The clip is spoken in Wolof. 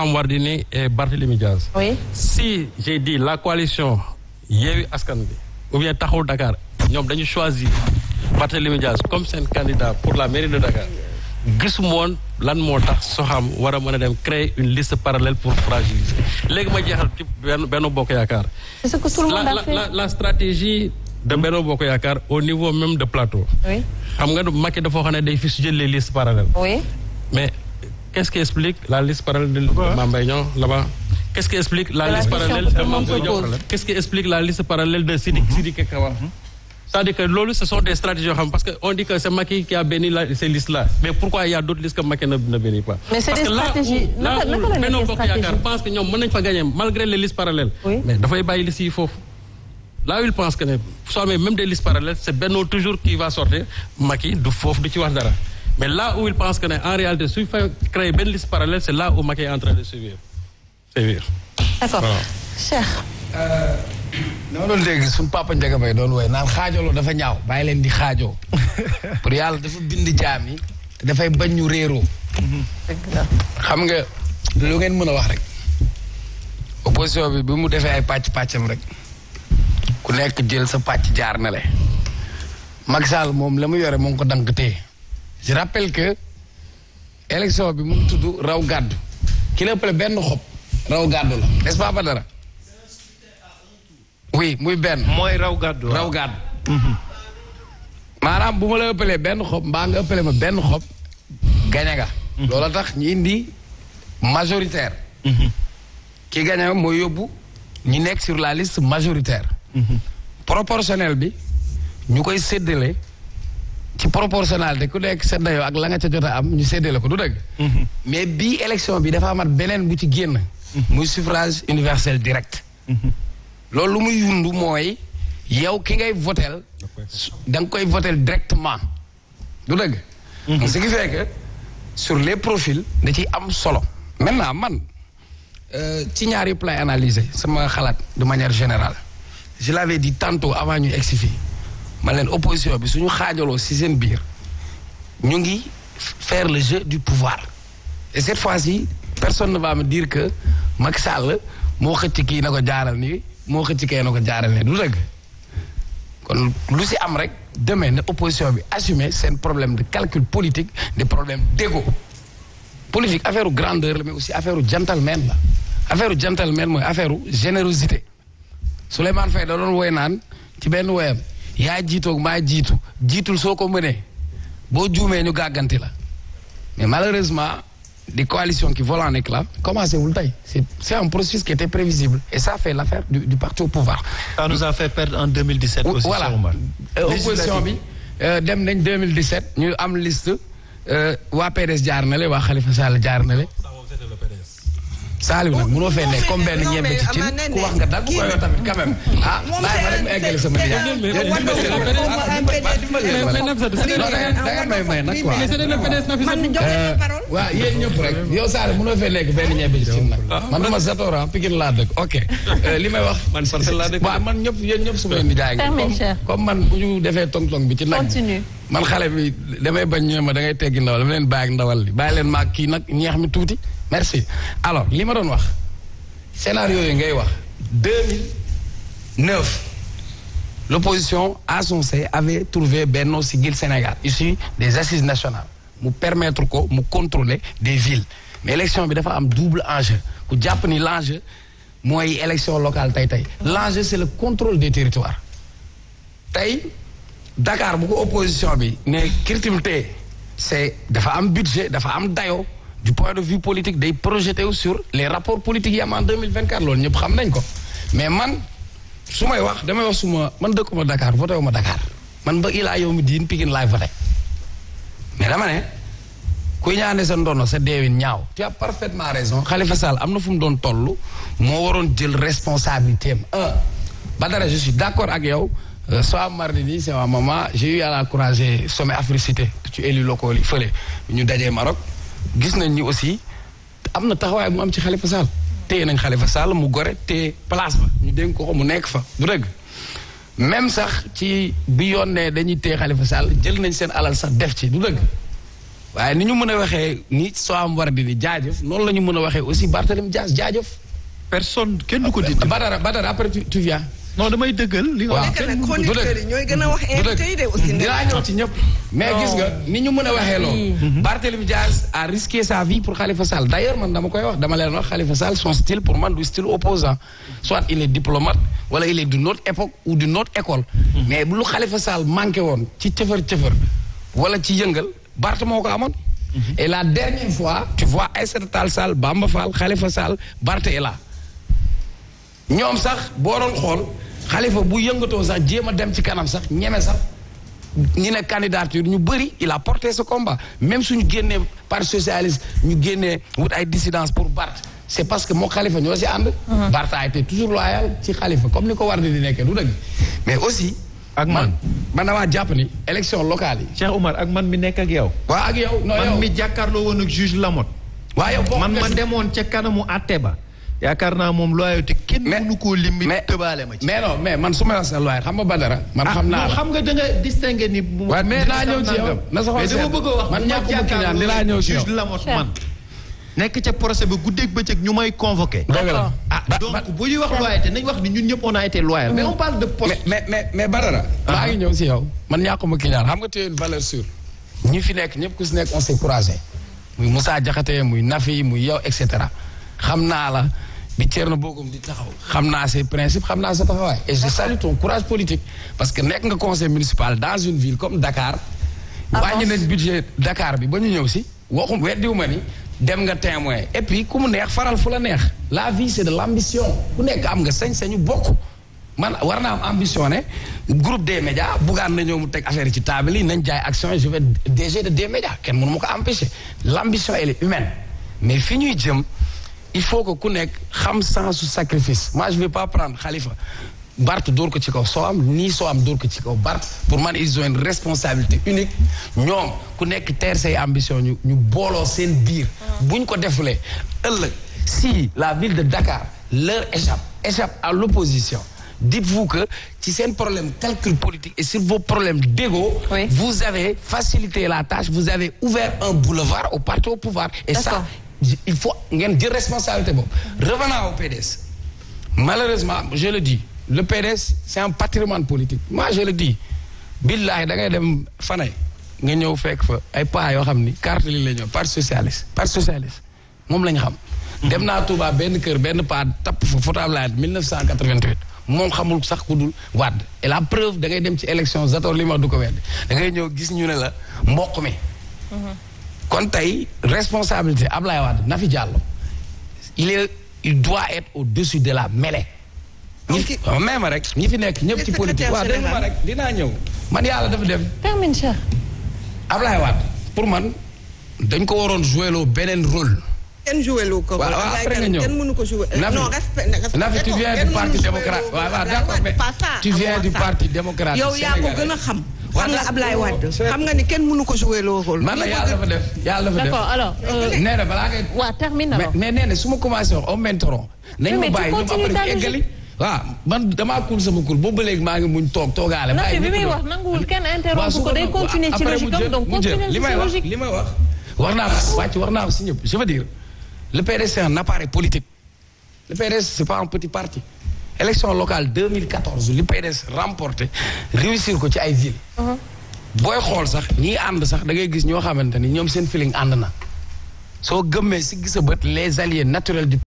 Maham Wardini et Barthélémy Diaz. oui si j'ai dit la coalition Yewwi Askan Wi ou bien Taxawu Dakar ñoom dañu choisir Barthélémy Diaz comme seen candidat pour la mairie de Dakar gisuma woon lan moo tax soxam war a mën a dem créer une liste parallèle pour fragiliser léegi ma jeexal ci benn bokk yaakaar. c'est que tout a la la stratégie. de Benno Bokk Yaakaar au niveau même de plateau. oui xam nga Macky dafa xam ne day fi su jël les listes Qu'est-ce qui explique la liste parallèle de Mame Mbaye Niang là-bas Qu'est-ce explique la liste parallèle de Mame Mbaye Niang Qu'est-ce que loolu ce sont des yoo xam parce que on dit que c'est Macky qui a la ces listes là mais pourquoi il y a d'autres listes que Macky ne ne bénit pas. mais c'est des stratégies parce que là Benno Bokk Yaakaar pense que ñoom mën nañu fa gagner malgré les listes dafay bàyyi listes yi foofu. là où pense que ne soo amee même des listes parallèles c'est Benno toujours qui wax dara. mais là où il pense que ne en réalité suñ fa créé benn liste parallèle c'est là où Macky est en train de sévir sévir d'accord Cheikh euh, suñ papa Ndiaga Mbaye doon wooye naan xaajaloo dafa ñaaw bàyyi leen di xaajoo pour yàlla dafa bind jaam yi te dafay bañ ñu réeroo xam nga lu ngeen mën a wax rek opposition bi bi mu defee ay pàcc pàccam rek ku nekk jël sa pàcc jaar na le Macky Sall moom la mu yore mu ngi ko dank tee je rappelle que élection bi mu tudd raw gàddu ki ëppale benn xob raw gàddu la n'est-ce pas Badara oui muy benn mooy raw gàddu raw gàddu maanaam bu ma la ëppalee benn xob mbaa nga ëppale ma benn xob gañe nga loola tax ñu indi majoritaire ki gañe mooy yóbbu ñi nekk sur la liste majoritaire mhm. proportionnel bi ñu koy séddale ci proportionnalité ku nekk sa dayoo ak la nga ca am ñu séddale ko du dëgg. Mhm. mais bii élection bi dafa amat beneen bu ci génn. Mhm. muy suffrage universel direct. Mhm. loolu lu muy yundu mooy yow ki ngay votel da nga koy votel directement du dëgg. ce qui fait que sur les profils da ciy am solo. maintenant man euh, ci ñaari plan analyser sama xalaat de manière générale je l'avais dit tantôt avant ñu egsi fii man leen opposition bi suñu xaajaloo ci seen biir ñu ngi faire le jeu du pouvoir et cette fois si personne ne va me dire que Macky Sall moo xëcc kii na ko jaaral nii moo xëcc kee na ko jaaral nii du dëgg kon lu si am rek demain ne opposition bi assumer seen problème de calcul politique des problèmes d'ego politique affaire u grandeur la mais aussi affaire u gentleman la affaire u mooy affaire générosité Souleymane Faye da doon woy naan ci benn woyam yaa jiitoog maa jiitu jiitul soo ko mënee boo juumee ñu gàgganti la mais malheureusement des coalitions ki volent en éclat commencé wul tey c'est c'est un processus qui était prévisible et ça fait l'affaire du, du parti au pouvoir. ça nous a fait perdre en 2017. aussi euh, opposition bi euh, dem nañ ñu am liste euh, waa PDS jaar na le waa Khalifa Sall jaar na le Saliou nag mënoo fee nekk comme benn ñebe ci cin ku wax nga dal bu ko tamit quand même ah bàyyi ma rek ma eggale sama waaw yéen ñëpp rek yow Saare mënoo fee nekk benn ñebe ci nag man dama Zatora Pikine laa dëkk ok li may wax man parcelle laa dëkk waaw man ñëpp yéen ñëpp su ma leen di jaay comme man bu ñu defee tong-tong bi ci nag man xale bi damay bañ ñëw ma da ngay teggi ndawal dama leen bàyyi ak ndawal li bàyyi leen maag kii nag ñeex mi tuuti merci alors li ma doon wax scénario yi ngay wax 2009 l'opposition à son say avait trouvé Benno Siggil Sénégal issu des assises nationales mu permettre ko mu contrôler des villes mais élection bi dafa am double enjeu ku jàpp ni l'enjeu mooy élection locale tey tey l'enjeu c'est le contrôle des territoires tey Dakar bu ko opposition bi ne kirtimté c'est dafa am budget dafa am dayo du point de vue politique day projeté wu sur les rapports politiques yi am en 2024 loolu ñëpp xam nañ ko mais man su may wax damay wax suma man dëkkuma Dakar voté wu ma Dakar man ba ilaa yow mi diin Pikine laay voté mais dama ne kuy ñaane sa ndono sa deewin ñaaw tu as parfaitement raison Khalifa am na fu mu doon toll moo waroon jël responsabilité am un ba d' accord ak yow soit mardi nii c' la encourager sommet Africité ci élus locaux yi ñu dajee Maroc gis nañ ni aussi am na taxawaay bu am ci Khalifa tey nañ Khalifa Sall mu gore te place ba ñu dénk ko mu nekk fa bu dëgg même sax ci bi yoon ne dañuy téye Khalifa Sall jël nañ seen alal sax def ci du dëgg waaye ni ñu mën a waxee ni soo am war di di jaajëf noonu la ñu mën a waxee aussi Barthélémy Dias jaajëf. personne kenn du ko dit. Badara Badara après tu tu non damay dëggal li nga wax. chroniqueur yi ñooy gën a wax invité yi de aussi. dinaa ñëw ci ñëpp. mais gis nga ni ñu mën a waxee loolu. Mhm. Mhm. Barthélemy Diaz a risqué sa vie pour Khalifa Sall d' man dama koy wax dama leen wax Khalifa Sall son style pour man du style opposant soit il est diplomate wala il est d'une autre époque ou d'une autre école. Mhm. mais lu Khalifa Sall manqué woon ci cëfër cëfër wala ci yëngal barte moo ko amoon. et la dernière fois tu vois Aïssata Tall Sall Bamba Fall Khalifa Sall Barth sax boo doon xool. xalifa bu yëngatoo sax jéem a dem ci kanam sax ñeme sax ñi ne candidature ñu bëri il la porté ce combat même suñu génnee parti socialiste ñu génnee wut ay dissidence pour Barth c'est parce que moo xalifa ñoo si ànd mhm. Barth a été toujours loyal ci xalifa comme ni ko war di di nekkee lu dëgg mais aussi ak man man waa jàpp ni élection locale yi Cheikh Oumar ak man mi nekk ak yow waa ak yow man mi jàkkaarloo woon ak juge Lamotte waa yow man ma demoon ca kanamu àtte ba yaakaar naa moom looyoo te kenn mënu koo lim. mais tëbaale ma ci. mais non mais man suma ma la sa looy xam nga Badara. Ah, xam naa xam nga da nga distingué ni. waaw mais dinaa ñëw ci yow na a wax man ñàkkuma client dinaa ñëw ci yow juge Lamotte man. nekk ca procès bi guddeeg ñu may convoqué. dëgg la ah donc ñuy wax loyauté nañ wax ni ñun ñëpp a été loyal. mais on parle mais mais mais Badara. Ah. ñëw si yow. man ñàkkuma client xam nga te es une valeur sûre. ñi fi nekk ñëpp ku si nekk on s'est croisé. muy Moussa Diakhaté muy Nafi muy yow et cetera xam naa la bi na Bocoum di taxaw xam naa ses principes xam naa sa taxawaay et je salue ton courage politique parce que nekk nga conseil municipal dans une ville comme Dakar wàññi nañ budget Dakar bi ba ñu ñëw si waxum weddiwu ma ni dem nga témoin et puis ku mu neex faral fu la neex la vie c'est de l'ambition ku nekk am nga sañ-sañu bokk man war naa am ambition ne groupe des médias buggaan na ñëw mu teg affaire ci table yi nañ jaay action je vais DG ma ko empêcher l'ambition elle est il faut que ku nekk xam sensu sacrifice moi je vais pas prendre Khalifa Bart dóor ko ci kaw soo am nii soo am dóor ko ci kaw Bart pour man ils ont une responsabilité unique ñoom ku nekk teer say ambition ñu ñu booloo seen biir buñ ko defulee ëllëg si la ville de Dakar leur échappe échappe à l'opposition dites-vous que ci seen problème calcul politique et sur vos problèmes d'ego vous avez facilité la tâche vous avez ouvert un boulevard au parti au pouvoir il faut ngeen jël responsabilité boobu. revenant au PDS malheureusement je le dis le PDS c'est un patrimoine politique moi je le dis billahi dangay ngay dem fanay nga ñëw fekk fa ay pas yoo xam ni carte li la ñëw parti socialiste parti socialiste moom la ñu xam. dem naa Touba benn kër benn paa tapp fa fotaab laa 1988 moom xamul sax ku dul wàdd et la preuve da ngay dem ci élection Zator li ma du ko wedd da ngay ñëw gis ñu ne la mboq mi. Mhm. kon tey responsabilité Ablaye Wade Nafi Diallo il est il doit être au-dessus de la mêlée. ñi fi may ma rek ñi fi nekk ñëpp ci politique waa dégg ma rek dinaa ñëw. man yàlla dafa def. termine Cheikh. Ablaye pour man dañ ko waroon joué beneen rôle. kenn joué ko. waaw waaw après nga ñëw ko joué. non respect Nafi tu viens du parti démocrate waaw waaw d'accord mais tu viens du parti démocrate. yow yaa ko gën a xam. xam nga Ablaye Wade xam nga ni kenn mënu ko joué loo rôle. man la yàlla dafa def yàlla dafa def d'accord alors. Euh, nee na balaa ngay. waaw termine mais mais nee na su ma commencé wax au mentoron. nañu ma bàyyi ñu ma eggali waaw man damaa kuul sama kuul boobu ba léegi maa ngi muñ toog toogaale. bàyyi bi muy wax nanguwul kenn interrompre ko day continuer ci logique donc continuer ci logique li may wax war naa ko wàcc war naa ko si ñëpp je veux dire le PDS c'est un appareil politique le PDS c'est pas un petit parti élection locale 2014 li PDS remporté réussir ko ci ay ville uh-huh. booy xool sax ñii ànd sax da ngay gis ñoo xamante ni ñoom seen feeling ànd na soo gëmmee si gisa bët les alliés naturels du